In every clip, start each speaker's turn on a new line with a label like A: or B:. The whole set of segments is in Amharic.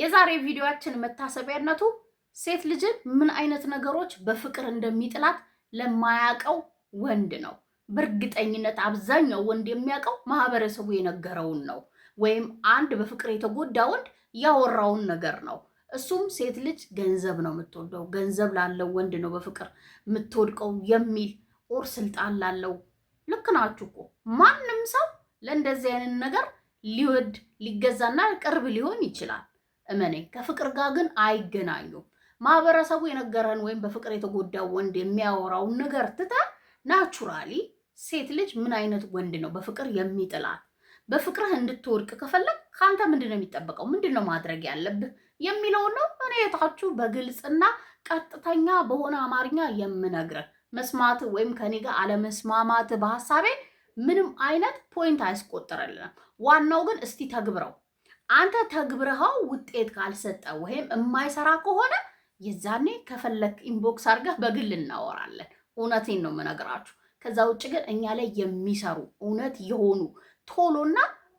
A: የዛሬ ቪዲዮአችን መታሰቢያነቱ ሴት ልጅን ምን አይነት ነገሮች በፍቅር እንደሚጥላት ለማያቀው ወንድ ነው። በእርግጠኝነት አብዛኛው ወንድ የሚያውቀው ማህበረሰቡ የነገረውን ነው፣ ወይም አንድ በፍቅር የተጎዳ ወንድ ያወራውን ነገር ነው። እሱም ሴት ልጅ ገንዘብ ነው የምትወደው፣ ገንዘብ ላለው ወንድ ነው በፍቅር የምትወድቀው የሚል ኦር ስልጣን ላለው። ልክ ናችሁ እኮ ማንም ሰው ለእንደዚህ አይነት ነገር ሊወድ ሊገዛና ቅርብ ሊሆን ይችላል። እመኔ ከፍቅር ጋር ግን አይገናኙም። ማህበረሰቡ የነገረን ወይም በፍቅር የተጎዳው ወንድ የሚያወራውን ነገር ትታ ናቹራሊ ሴት ልጅ ምን አይነት ወንድ ነው በፍቅር የሚጥላት? በፍቅርህ እንድትወድቅ ከፈለግ ከአንተ ምንድን ነው የሚጠበቀው? ምንድን ነው ማድረግ ያለብህ የሚለው ነው። እኔ የታችሁ በግልጽና ቀጥተኛ በሆነ አማርኛ የምነግርህ መስማት ወይም ከኔ ጋር አለመስማማት በሀሳቤ ምንም አይነት ፖይንት አያስቆጥርልንም። ዋናው ግን እስቲ ተግብረው አንተ ተግብረኸው ውጤት ካልሰጠ ወይም የማይሰራ ከሆነ የዛኔ ከፈለክ ኢንቦክስ አድርገህ በግል እናወራለን። እውነቴን ነው የምነግራችሁ። ከዛ ውጭ ግን እኛ ላይ የሚሰሩ እውነት የሆኑ ቶሎና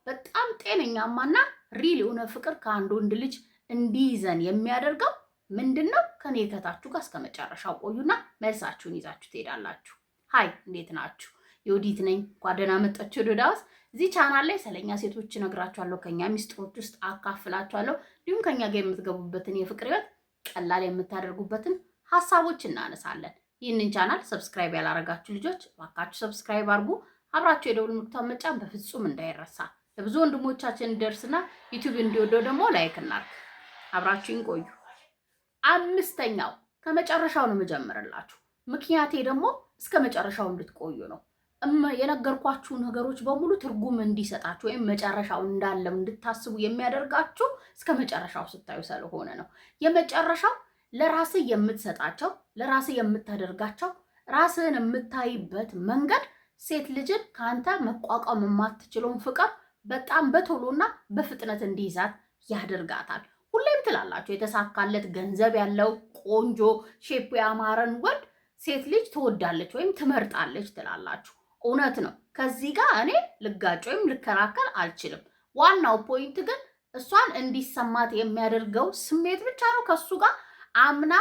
A: በጣም ጤነኛማና ሪል የሆነ ፍቅር ከአንድ ወንድ ልጅ እንዲይዘን የሚያደርገው ምንድን ነው? ከኔ ከታችሁ ጋር እስከ መጨረሻው ቆዩና መልሳችሁን ይዛችሁ ትሄዳላችሁ። ሀይ፣ እንዴት ናችሁ? የወዲት ነኝ። ጓደና መጣችሁ ዮድ ሃውስ እዚህ ቻናል ላይ ስለኛ ሴቶች እነግራችኋለሁ፣ ከኛ ሚስጥሮች ውስጥ አካፍላችኋለሁ። እንዲሁም ከኛ ጋር የምትገቡበትን የፍቅር ህይወት ቀላል የምታደርጉበትን ሀሳቦች እናነሳለን። ይህንን ቻናል ሰብስክራይብ ያላረጋችሁ ልጆች እባካችሁ ሰብስክራይብ አድርጉ። አብራችሁ የደውል ምልክቷን መጫን በፍጹም እንዳይረሳ። ለብዙ ወንድሞቻችን እንደርስና ዩቲዩብ እንዲወደው ደግሞ ላይክ እናርግ። አብራችሁን ቆዩ። አምስተኛው ከመጨረሻው ነው የምጀምርላችሁ። ምክንያቴ ደግሞ እስከ መጨረሻው እንድትቆዩ ነው። የነገርኳችሁ ነገሮች በሙሉ ትርጉም እንዲሰጣችሁ ወይም መጨረሻው እንዳለው እንድታስቡ የሚያደርጋችሁ እስከ መጨረሻው ስታዩ ስለሆነ ነው። የመጨረሻው ለራስ የምትሰጣቸው ለራስ የምታደርጋቸው ራስህን የምታይበት መንገድ ሴት ልጅን ከአንተ መቋቋም የማትችለውን ፍቅር በጣም በቶሎና በፍጥነት እንዲይዛት ያደርጋታል። ሁሌም ትላላችሁ የተሳካለት ገንዘብ ያለው ቆንጆ ሼፕ ያማረን ወንድ ሴት ልጅ ትወዳለች ወይም ትመርጣለች ትላላችሁ። እውነት ነው። ከዚህ ጋር እኔ ልጋጭ ወይም ልከራከር አልችልም። ዋናው ፖይንት ግን እሷን እንዲሰማት የሚያደርገው ስሜት ብቻ ነው። ከሱ ጋር አምና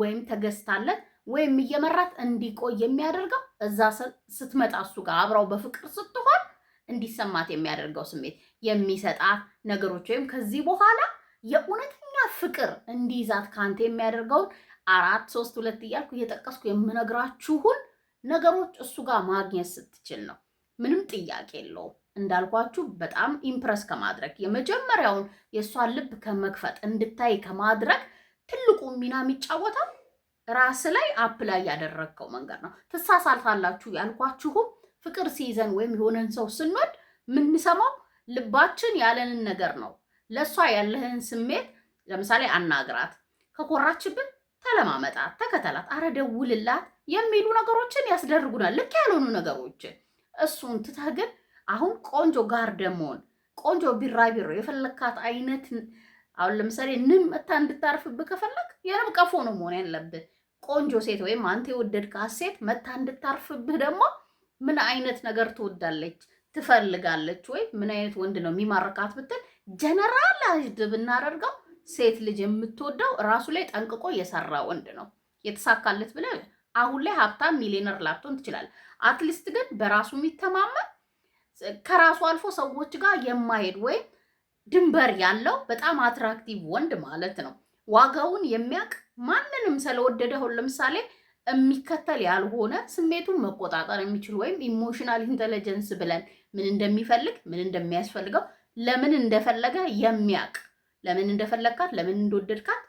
A: ወይም ተገዝታለት ወይም እየመራት እንዲቆይ የሚያደርገው እዛ ስትመጣ እሱ ጋር አብራው በፍቅር ስትሆን እንዲሰማት የሚያደርገው ስሜት የሚሰጣት ነገሮች ወይም ከዚህ በኋላ የእውነተኛ ፍቅር እንዲይዛት ከአንተ የሚያደርገውን አራት ሶስት ሁለት እያልኩ እየጠቀስኩ የምነግራችሁን ነገሮች እሱ ጋር ማግኘት ስትችል ነው። ምንም ጥያቄ የለውም። እንዳልኳችሁ በጣም ኢምፕረስ ከማድረግ የመጀመሪያውን የእሷን ልብ ከመክፈት እንድታይ ከማድረግ ትልቁ ሚና የሚጫወተው ራስ ላይ አፕ ላይ ያደረግከው መንገድ ነው። ትሳሳልታላችሁ ያልኳችሁም ፍቅር ሲይዘን ወይም የሆነን ሰው ስንወድ የምንሰማው ልባችን ያለንን ነገር ነው። ለእሷ ያለህን ስሜት ለምሳሌ አናግራት ከኮራችብን ተለማመጣት፣ ተከተላት፣ አረ ደውልላት የሚሉ ነገሮችን ያስደርጉናል፣ ልክ ያልሆኑ ነገሮችን። እሱን ትተህ ግን አሁን ቆንጆ ጋር ደሞን ቆንጆ ቢራቢሮ የፈለግካት አይነት አሁን ለምሳሌ ንም መታ እንድታርፍብህ ከፈለግ የንም ቀፎ ነው መሆን ያለብህ። ቆንጆ ሴት ወይም አንተ የወደድካት ሴት መታ እንድታርፍብህ ደግሞ ምን አይነት ነገር ትወዳለች ትፈልጋለች ወይ ምን አይነት ወንድ ነው የሚማርካት ብትል ጀነራላይዝድ ብናደርገው ሴት ልጅ የምትወደው ራሱ ላይ ጠንቅቆ የሰራ ወንድ ነው። የተሳካለት ብለ አሁን ላይ ሀብታም ሚሊዮነር ላትሆን ትችላል። አትሊስት ግን በራሱ የሚተማመን ከራሱ አልፎ ሰዎች ጋር የማሄድ ወይም ድንበር ያለው በጣም አትራክቲቭ ወንድ ማለት ነው። ዋጋውን የሚያውቅ ማንንም ስለወደደ ሁን ለምሳሌ የሚከተል ያልሆነ ስሜቱን መቆጣጠር የሚችል ወይም ኢሞሽናል ኢንቴሊጀንስ ብለን ምን እንደሚፈልግ ምን እንደሚያስፈልገው ለምን እንደፈለገ የሚያውቅ ለምን እንደፈለግካት፣ ለምን እንደወደድካት፣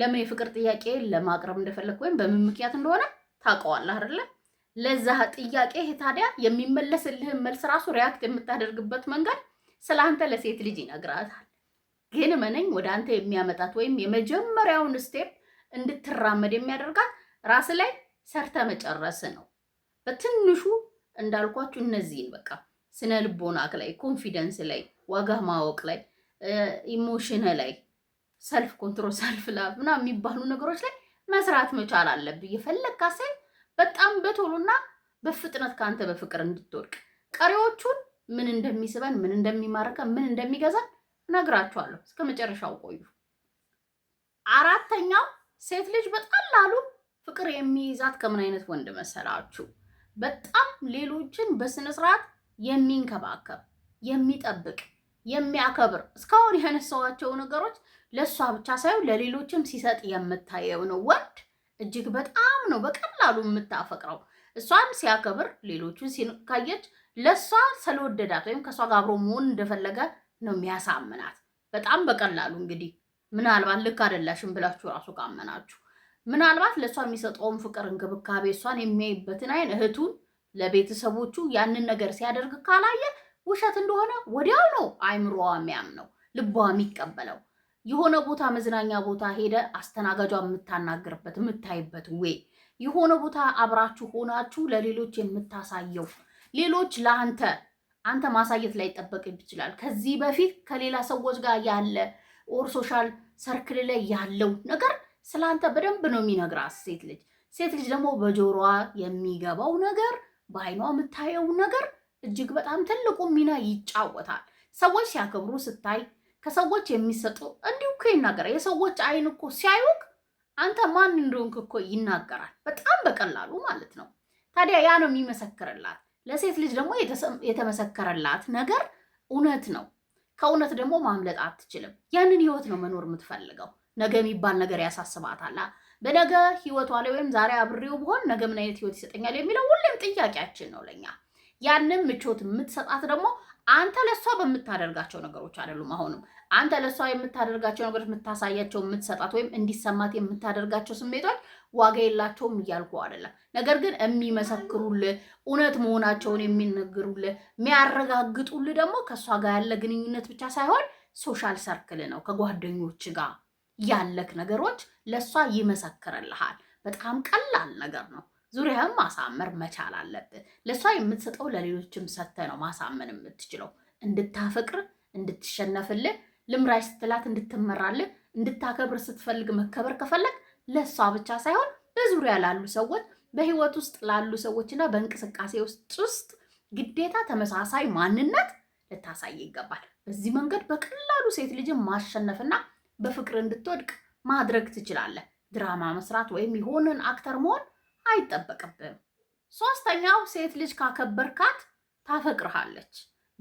A: ለምን የፍቅር ጥያቄ ለማቅረብ እንደፈለግ ወይም በምን ምክንያት እንደሆነ ታውቀዋለህ አይደለ? ለዛ ጥያቄ ታዲያ የሚመለስልህን መልስ ራሱ ሪያክት የምታደርግበት መንገድ ስለ አንተ ለሴት ልጅ ይነግራታል። ግን መነኝ ወደ አንተ የሚያመጣት ወይም የመጀመሪያውን ስቴፕ እንድትራመድ የሚያደርጋት ራስ ላይ ሰርተ መጨረስ ነው። በትንሹ እንዳልኳችሁ እነዚህን በቃ ስነ ልቦናክ ላይ፣ ኮንፊደንስ ላይ፣ ዋጋ ማወቅ ላይ ኢሞሽን ላይ ሰልፍ ኮንትሮል፣ ሰልፍ ላብ ምናምን የሚባሉ ነገሮች ላይ መስራት መቻል አለብህ። የፈለግ ሴት በጣም በቶሎና በፍጥነት ከአንተ በፍቅር እንድትወድቅ ቀሪዎቹን ምን እንደሚስበን፣ ምን እንደሚማርከን፣ ምን እንደሚገዛን እነግራችኋለሁ። እስከ መጨረሻው ቆዩ። አራተኛው ሴት ልጅ ላሉ ፍቅር የሚይዛት ከምን አይነት ወንድ መሰላችሁ? በጣም ሌሎችን በስነስርዓት የሚንከባከብ የሚጠብቅ የሚያከብር እስካሁን የነሳዋቸው ነገሮች ለእሷ ብቻ ሳይሆን ለሌሎችም ሲሰጥ የምታየው ነው። ወንድ እጅግ በጣም ነው በቀላሉ የምታፈቅረው። እሷን ሲያከብር ሌሎቹን ሲካየች ለእሷ ስለወደዳት ወይም ከእሷ ጋር አብሮ መሆን እንደፈለገ ነው የሚያሳምናት በጣም በቀላሉ እንግዲህ ምናልባት ልክ አይደላሽም ብላችሁ እራሱ ካመናችሁ ምናልባት ለእሷ የሚሰጠውን ፍቅር፣ እንክብካቤ እሷን የሚያይበትን አይን እህቱን ለቤተሰቦቹ ያንን ነገር ሲያደርግ ካላየ ውሸት እንደሆነ ወዲያው ነው አይምሮዋ የሚያምነው፣ ልቧ የሚቀበለው። የሆነ ቦታ መዝናኛ ቦታ ሄደ አስተናጋጇ የምታናግርበት የምታይበት ወይ የሆነ ቦታ አብራችሁ ሆናችሁ ለሌሎች የምታሳየው ሌሎች ለአንተ አንተ ማሳየት ላይ ጠበቅ ይችላል። ከዚህ በፊት ከሌላ ሰዎች ጋር ያለ ኦር ሶሻል ሰርክል ላይ ያለው ነገር ስለአንተ በደንብ ነው የሚነግራት ሴት ልጅ። ሴት ልጅ ደግሞ በጆሮዋ የሚገባው ነገር በአይኗ የምታየው ነገር እጅግ በጣም ትልቁ ሚና ይጫወታል። ሰዎች ሲያከብሩ ስታይ ከሰዎች የሚሰጡ እንዲሁ እኮ ይናገራል። የሰዎች አይን እኮ ሲያዩክ አንተ ማን እንደሆንክ እኮ ይናገራል፣ በጣም በቀላሉ ማለት ነው። ታዲያ ያ ነው የሚመሰክርላት። ለሴት ልጅ ደግሞ የተመሰከረላት ነገር እውነት ነው። ከእውነት ደግሞ ማምለጥ አትችልም። ያንን ህይወት ነው መኖር የምትፈልገው። ነገ የሚባል ነገር ያሳስባታል። በነገ ህይወቷ ላይ ወይም ዛሬ አብሬው ብሆን ነገ ምን አይነት ህይወት ይሰጠኛል የሚለው ሁሌም ጥያቄያችን ነው ለኛ ያንን ምቾት የምትሰጣት ደግሞ አንተ ለሷ በምታደርጋቸው ነገሮች አይደሉም። አሁንም አንተ ለሷ የምታደርጋቸው ነገሮች የምታሳያቸው፣ የምትሰጣት ወይም እንዲሰማት የምታደርጋቸው ስሜቶች ዋጋ የላቸውም እያልኩ አይደለም። ነገር ግን የሚመሰክሩል እውነት መሆናቸውን የሚነግሩልህ የሚያረጋግጡል ደግሞ ከእሷ ጋር ያለ ግንኙነት ብቻ ሳይሆን ሶሻል ሰርክል ነው። ከጓደኞች ጋር ያለክ ነገሮች ለእሷ ይመሰክርልሃል። በጣም ቀላል ነገር ነው። ዙሪያም ማሳመር መቻል አለብህ። ለእሷ የምትሰጠው ለሌሎችም ሰተ ነው ማሳመን የምትችለው። እንድታፈቅር፣ እንድትሸነፍልህ፣ ልምራሽ ስትላት እንድትመራልህ፣ እንድታከብር ስትፈልግ መከበር ከፈለግ ለእሷ ብቻ ሳይሆን በዙሪያ ላሉ ሰዎች፣ በህይወት ውስጥ ላሉ ሰዎችና በእንቅስቃሴ ውስጥ ውስጥ ግዴታ ተመሳሳይ ማንነት ልታሳይ ይገባል። በዚህ መንገድ በቀላሉ ሴት ልጅን ማሸነፍና በፍቅር እንድትወድቅ ማድረግ ትችላለህ። ድራማ መስራት ወይም የሆነን አክተር መሆን አይጠበቅብም። ሶስተኛው ሴት ልጅ ካከበርካት ታፈቅርሃለች።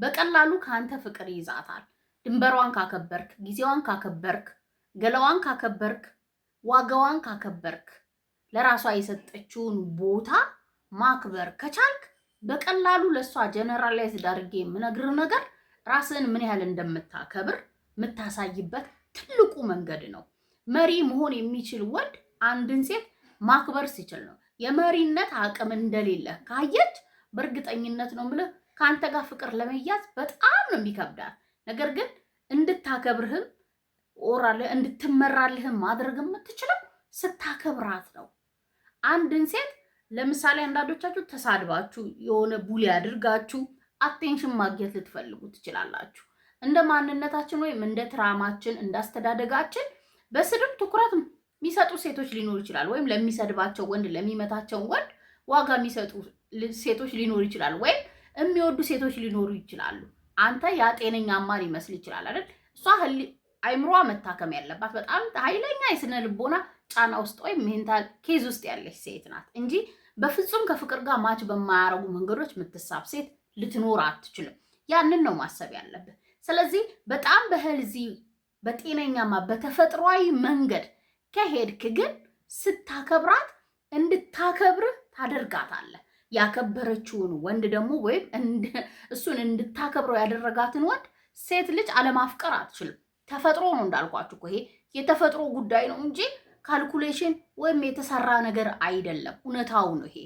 A: በቀላሉ ከአንተ ፍቅር ይይዛታል። ድንበሯን ካከበርክ፣ ጊዜዋን ካከበርክ፣ ገለዋን ካከበርክ፣ ዋጋዋን ካከበርክ፣ ለራሷ የሰጠችውን ቦታ ማክበር ከቻልክ በቀላሉ ለእሷ ጀነራላይዝድ አድርጌ የምነግር ነገር ራስን ምን ያህል እንደምታከብር የምታሳይበት ትልቁ መንገድ ነው። መሪ መሆን የሚችል ወንድ አንድን ሴት ማክበር ሲችል ነው። የመሪነት አቅም እንደሌለ ካየች በእርግጠኝነት ነው የምልህ ከአንተ ጋር ፍቅር ለመያዝ በጣም ነው የሚከብዳት። ነገር ግን እንድታከብርህም ኦራልህ እንድትመራልህም ማድረግ የምትችለው ስታከብራት ነው። አንድን ሴት ለምሳሌ አንዳንዶቻችሁ ተሳድባችሁ የሆነ ቡሊ አድርጋችሁ አቴንሽን ማግኘት ልትፈልጉ ትችላላችሁ። እንደ ማንነታችን ወይም እንደ ትራማችን እንደ አስተዳደጋችን በስድብ ትኩረት የሚሰጡ ሴቶች ሊኖሩ ይችላል። ወይም ለሚሰድባቸው ወንድ፣ ለሚመታቸው ወንድ ዋጋ የሚሰጡ ሴቶች ሊኖሩ ይችላል። ወይም የሚወዱ ሴቶች ሊኖሩ ይችላሉ። አንተ ያ ጤነኛ ማር ይመስል ይችላል አይደል? እሷ አይምሯ መታከም ያለባት በጣም ኃይለኛ የስነ ልቦና ጫና ውስጥ ወይም ሜንታል ኬዝ ውስጥ ያለች ሴት ናት እንጂ በፍጹም ከፍቅር ጋር ማች በማያረጉ መንገዶች የምትሳብ ሴት ልትኖር አትችልም። ያንን ነው ማሰብ ያለብን። ስለዚህ በጣም በህልዚ በጤነኛማ በተፈጥሯዊ መንገድ ከሄድክ ግን ስታከብራት እንድታከብርህ ታደርጋታለህ። ያከበረችውን ወንድ ደግሞ ወይም እሱን እንድታከብረው ያደረጋትን ወንድ ሴት ልጅ አለማፍቀር አትችልም። ተፈጥሮ ነው እንዳልኳችሁ እኮ ይሄ የተፈጥሮ ጉዳይ ነው እንጂ ካልኩሌሽን ወይም የተሰራ ነገር አይደለም። እውነታው ነው ይሄ።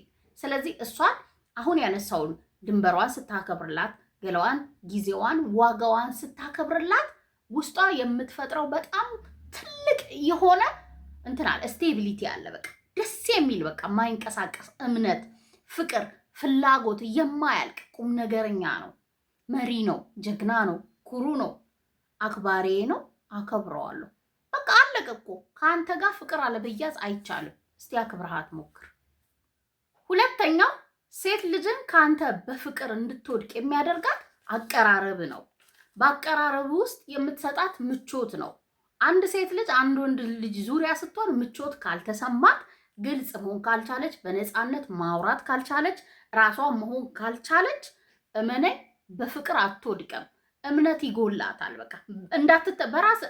A: ስለዚህ እሷን አሁን ያነሳውን ድንበሯን ስታከብርላት፣ ገለዋን፣ ጊዜዋን፣ ዋጋዋን ስታከብርላት ውስጧ የምትፈጥረው በጣም ትልቅ የሆነ እንትን አለ ስቴቢሊቲ አለ። በቃ ደስ የሚል በቃ የማይንቀሳቀስ እምነት፣ ፍቅር፣ ፍላጎት የማያልቅ ቁም ነገረኛ ነው። መሪ ነው። ጀግና ነው። ኩሩ ነው። አክባሪ ነው። አከብረዋለሁ። በቃ አለቀ እኮ። ከአንተ ጋር ፍቅር አለበያዝ አይቻልም። እስቲ አክብርሃት ሞክር። ሁለተኛው ሴት ልጅን ከአንተ በፍቅር እንድትወድቅ የሚያደርጋት አቀራረብ ነው። በአቀራረብ ውስጥ የምትሰጣት ምቾት ነው። አንድ ሴት ልጅ አንድ ወንድ ልጅ ዙሪያ ስትሆን ምቾት ካልተሰማት፣ ግልጽ መሆን ካልቻለች፣ በነፃነት ማውራት ካልቻለች፣ ራሷን መሆን ካልቻለች፣ እመኔ በፍቅር አትወድቀም እምነት ይጎላታል። በቃ እንዳትጠ በራስ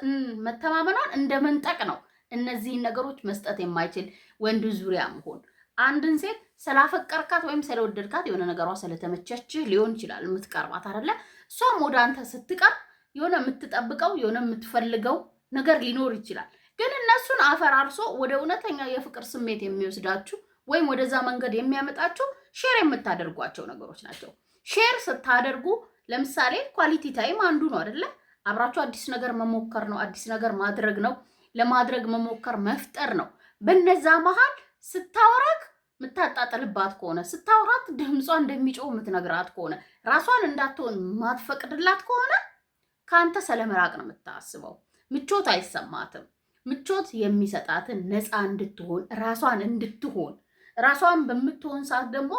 A: መተማመኗን እንደ መንጠቅ ነው። እነዚህን ነገሮች መስጠት የማይችል ወንድ ዙሪያ መሆን አንድን ሴት ስላፈቀርካት ወይም ስለወደድካት የሆነ ነገሯ ስለተመቸችህ ሊሆን ይችላል የምትቀርባት አይደለ? እሷም ወደ አንተ ስትቀርብ የሆነ የምትጠብቀው የሆነ የምትፈልገው ነገር ሊኖር ይችላል። ግን እነሱን አፈራርሶ ወደ እውነተኛ የፍቅር ስሜት የሚወስዳችሁ ወይም ወደዛ መንገድ የሚያመጣችሁ ሼር የምታደርጓቸው ነገሮች ናቸው። ሼር ስታደርጉ ለምሳሌ ኳሊቲ ታይም አንዱ ነው አይደለ? አብራችሁ አዲስ ነገር መሞከር ነው፣ አዲስ ነገር ማድረግ ነው፣ ለማድረግ መሞከር መፍጠር ነው። በነዛ መሀል ስታወራክ የምታጣጥልባት ከሆነ ስታወራት ድምጿ እንደሚጮው የምትነግራት ከሆነ ራሷን እንዳትሆን ማትፈቅድላት ከሆነ ከአንተ ሰለመራቅ ነው የምታስበው። ምቾት አይሰማትም። ምቾት የሚሰጣትን ነፃ እንድትሆን ራሷን እንድትሆን ራሷን በምትሆን ሰዓት ደግሞ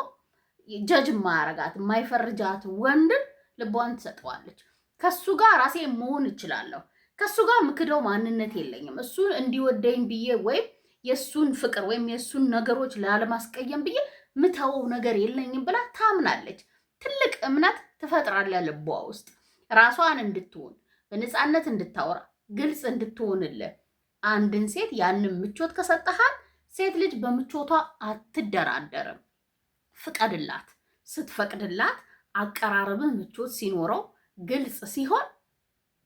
A: ጀጅ ማያረጋት ማይፈርጃት ወንድን ልቧን ትሰጠዋለች። ከሱ ጋር ራሴ መሆን እችላለሁ። ከሱ ጋር ምክደው ማንነት የለኝም። እሱ እንዲወደኝ ብዬ ወይም የእሱን ፍቅር ወይም የእሱን ነገሮች ላለማስቀየም ብዬ ምተወው ነገር የለኝም ብላ ታምናለች። ትልቅ እምነት ትፈጥራለ ልቧ ውስጥ ራሷን እንድትሆን በነፃነት እንድታወራ ግልጽ እንድትሆንልህ አንድን ሴት ያንን ምቾት ከሰጠሃል፣ ሴት ልጅ በምቾቷ አትደራደርም። ፍቀድላት። ስትፈቅድላት አቀራረብህ ምቾት ሲኖረው ግልጽ ሲሆን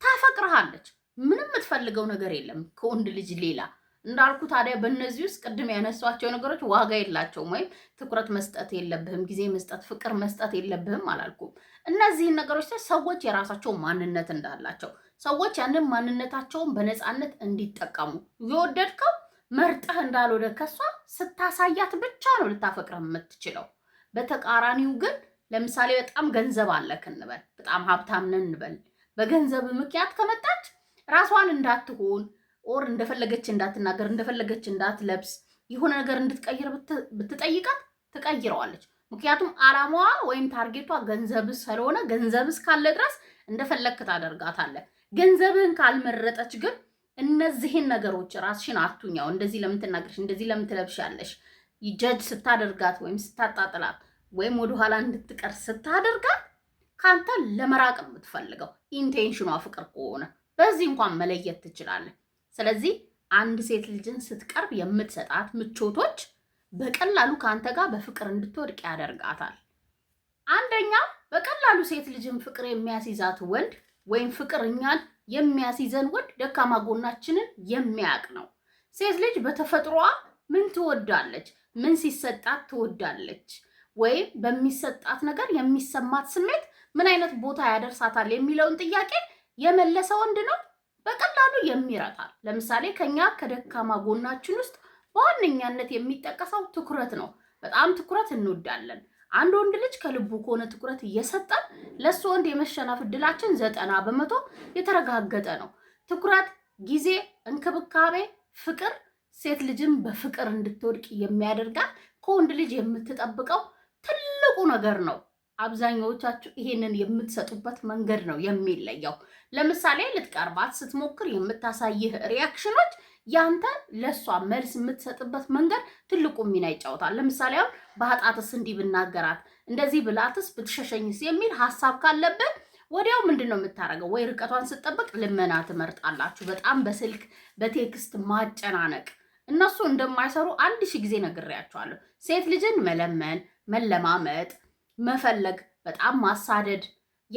A: ታፈቅርሃለች። ምንም የምትፈልገው ነገር የለም ከወንድ ልጅ ሌላ። እንዳልኩ ታዲያ በእነዚህ ውስጥ ቅድም ያነሷቸው ነገሮች ዋጋ የላቸውም። ወይም ትኩረት መስጠት የለብህም፣ ጊዜ መስጠት፣ ፍቅር መስጠት የለብህም አላልኩም። እነዚህን ነገሮች ሰዎች የራሳቸው ማንነት እንዳላቸው ሰዎች ያንን ማንነታቸውን በነፃነት እንዲጠቀሙ የወደድከው መርጠህ እንዳልወደ ከሷ ስታሳያት ብቻ ነው ልታፈቅረህ የምትችለው። በተቃራኒው ግን ለምሳሌ በጣም ገንዘብ አለክ እንበል፣ በጣም ሀብታም ነን እንበል። በገንዘብ ምክንያት ከመጣች ራሷን እንዳትሆን ኦር እንደፈለገች እንዳትናገር፣ እንደፈለገች እንዳትለብስ፣ የሆነ ነገር እንድትቀይር ብትጠይቃት ትቀይረዋለች። ምክንያቱም አላማዋ ወይም ታርጌቷ ገንዘብ ስለሆነ ገንዘብ እስካለ ድረስ እንደፈለግክ ታደርጋታለህ። ገንዘብህን ካልመረጠች ግን እነዚህን ነገሮች ራስሽን አቱኛው እንደዚህ ለምን ትናገርሽ፣ እንደዚህ ለምን ትለብሻለሽ፣ ጀጅ ስታደርጋት ወይም ስታጣጥላት ወይም ወደኋላ እንድትቀር ስታደርጋት ከአንተ ለመራቅ የምትፈልገው ኢንቴንሽኗ ፍቅር ከሆነ በዚህ እንኳን መለየት ትችላለን። ስለዚህ አንድ ሴት ልጅን ስትቀርብ የምትሰጣት ምቾቶች በቀላሉ ከአንተ ጋር በፍቅር እንድትወድቅ ያደርጋታል። አንደኛ በቀላሉ ሴት ልጅን ፍቅር የሚያስይዛት ወንድ ወይም ፍቅር እኛን የሚያስይዘን ወንድ ደካማ ጎናችንን የሚያውቅ ነው። ሴት ልጅ በተፈጥሯ ምን ትወዳለች? ምን ሲሰጣት ትወዳለች? ወይም በሚሰጣት ነገር የሚሰማት ስሜት ምን አይነት ቦታ ያደርሳታል የሚለውን ጥያቄ የመለሰ ወንድ ነው በቀላሉ የሚረታል። ለምሳሌ ከኛ ከደካማ ጎናችን ውስጥ በዋነኛነት የሚጠቀሰው ትኩረት ነው። በጣም ትኩረት እንወዳለን። አንድ ወንድ ልጅ ከልቡ ከሆነ ትኩረት እየሰጠን ለሱ ወንድ የመሸነፍ እድላችን ዘጠና በመቶ የተረጋገጠ ነው። ትኩረት፣ ጊዜ፣ እንክብካቤ፣ ፍቅር ሴት ልጅን በፍቅር እንድትወድቅ የሚያደርጋት ከወንድ ልጅ የምትጠብቀው ትልቁ ነገር ነው። አብዛኛዎቻችሁ ይሄንን የምትሰጡበት መንገድ ነው የሚለየው። ለምሳሌ ልትቀርባት ስትሞክር የምታሳይህ ሪያክሽኖች ያንተ ለእሷ መልስ የምትሰጥበት መንገድ ትልቁ ሚና ይጫወታል። ለምሳሌ አሁን በኃጢአትስ እንዲህ ብናገራት እንደዚህ ብላትስ ብትሸሸኝስ የሚል ሀሳብ ካለብህ ወዲያው ምንድን ነው የምታደርገው? ወይ ርቀቷን ስጠበቅ ልመና ትመርጣላችሁ። በጣም በስልክ በቴክስት ማጨናነቅ እነሱ እንደማይሰሩ አንድ ሺ ጊዜ ነግሬያቸዋለሁ። ሴት ልጅን መለመን፣ መለማመጥ፣ መፈለግ፣ በጣም ማሳደድ፣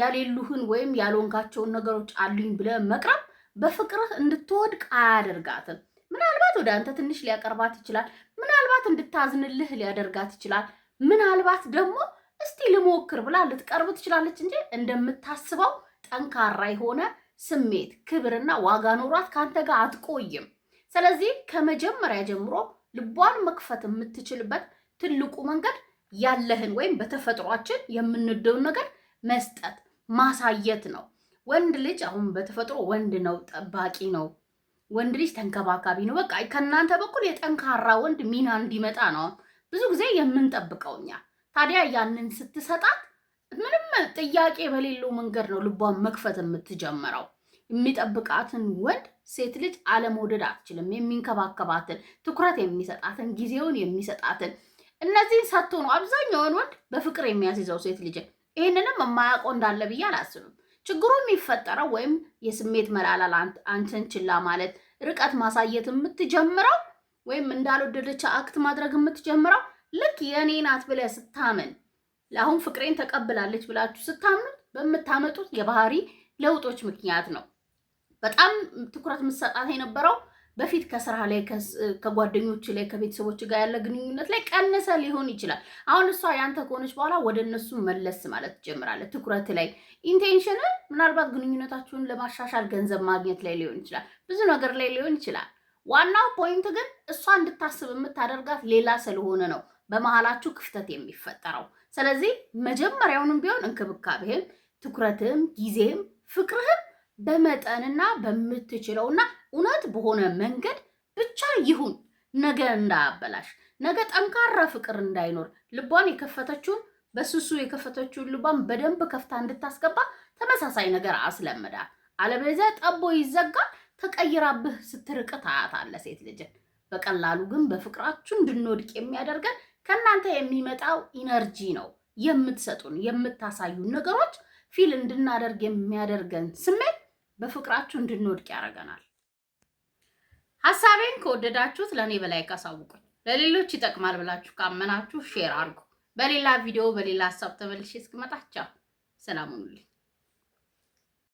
A: ያሌሉህን ወይም ያልሆንካቸውን ነገሮች አሉኝ ብለህ መቅረብ በፍቅርህ እንድትወድቅ አያደርጋትም። ምናልባት ወደ አንተ ትንሽ ሊያቀርባት ይችላል። ምናልባት እንድታዝንልህ ሊያደርጋት ይችላል። ምናልባት ደግሞ እስቲ ልሞክር ብላ ልትቀርብ ትችላለች እንጂ እንደምታስበው ጠንካራ የሆነ ስሜት፣ ክብርና ዋጋ ኖሯት ከአንተ ጋር አትቆይም። ስለዚህ ከመጀመሪያ ጀምሮ ልቧን መክፈት የምትችልበት ትልቁ መንገድ ያለህን ወይም በተፈጥሯችን የምንደውን ነገር መስጠት ማሳየት ነው። ወንድ ልጅ አሁን በተፈጥሮ ወንድ ነው፣ ጠባቂ ነው፣ ወንድ ልጅ ተንከባካቢ ነው። በቃ ከእናንተ በኩል የጠንካራ ወንድ ሚና እንዲመጣ ነው ብዙ ጊዜ የምንጠብቀው እኛ። ታዲያ ያንን ስትሰጣት ምንም ጥያቄ በሌለው መንገድ ነው ልቧን መክፈት የምትጀምረው። የሚጠብቃትን ወንድ ሴት ልጅ አለመውደድ አትችልም። የሚንከባከባትን፣ ትኩረት የሚሰጣትን፣ ጊዜውን የሚሰጣትን እነዚህን ሰጥቶ ነው አብዛኛውን ወንድ በፍቅር የሚያስይዘው ሴት ልጅ። ይህንንም የማያውቀው እንዳለ ብዬ አላስብም። ችግሩ የሚፈጠረው ወይም የስሜት መላላል፣ አንተን ችላ ማለት፣ ርቀት ማሳየት የምትጀምረው ወይም እንዳልወደደች አክት ማድረግ የምትጀምረው ልክ የኔ ናት ብለህ ስታምን፣ አሁን ፍቅሬን ተቀብላለች ብላችሁ ስታምኑት በምታመጡት የባህሪ ለውጦች ምክንያት ነው። በጣም ትኩረት የምትሰጣት የነበረው በፊት ከስራ ላይ ከጓደኞች ላይ ከቤተሰቦች ጋር ያለ ግንኙነት ላይ ቀንሰ ሊሆን ይችላል። አሁን እሷ ያንተ ከሆነች በኋላ ወደ እነሱ መለስ ማለት ትጀምራለህ። ትኩረት ላይ ኢንቴንሽን፣ ምናልባት ግንኙነታችሁን ለማሻሻል ገንዘብ ማግኘት ላይ ሊሆን ይችላል። ብዙ ነገር ላይ ሊሆን ይችላል። ዋናው ፖይንት ግን እሷ እንድታስብ የምታደርጋት ሌላ ስለሆነ ነው በመሀላችሁ ክፍተት የሚፈጠረው። ስለዚህ መጀመሪያውንም ቢሆን እንክብካቤህም፣ ትኩረትህም፣ ጊዜህም፣ ፍቅርህም በመጠንና በምትችለውና እውነት በሆነ መንገድ ብቻ ይሁን። ነገ እንዳያበላሽ፣ ነገ ጠንካራ ፍቅር እንዳይኖር ልቧን የከፈተችውን በስሱ የከፈተችውን ልቧን በደንብ ከፍታ እንድታስገባ ተመሳሳይ ነገር አስለምዳል። አለበለዚያ ጠቦ ይዘጋል። ተቀይራብህ ስትርቅት አያታለ ሴት ልጅን። በቀላሉ ግን በፍቅራችሁ እንድንወድቅ የሚያደርገን ከእናንተ የሚመጣው ኢነርጂ ነው። የምትሰጡን የምታሳዩን ነገሮች ፊል እንድናደርግ የሚያደርገን ስሜት በፍቅራችሁ እንድንወድቅ ያደርገናል። ሀሳቤን ከወደዳችሁት ለእኔ በላይ ካሳውቁኝ፣ ለሌሎች ይጠቅማል ብላችሁ ካመናችሁ ሼር አድርጉ። በሌላ ቪዲዮ በሌላ ሀሳብ ተመልሼ እስክመጣ ቻው፣ ሰላም ሁኑልኝ።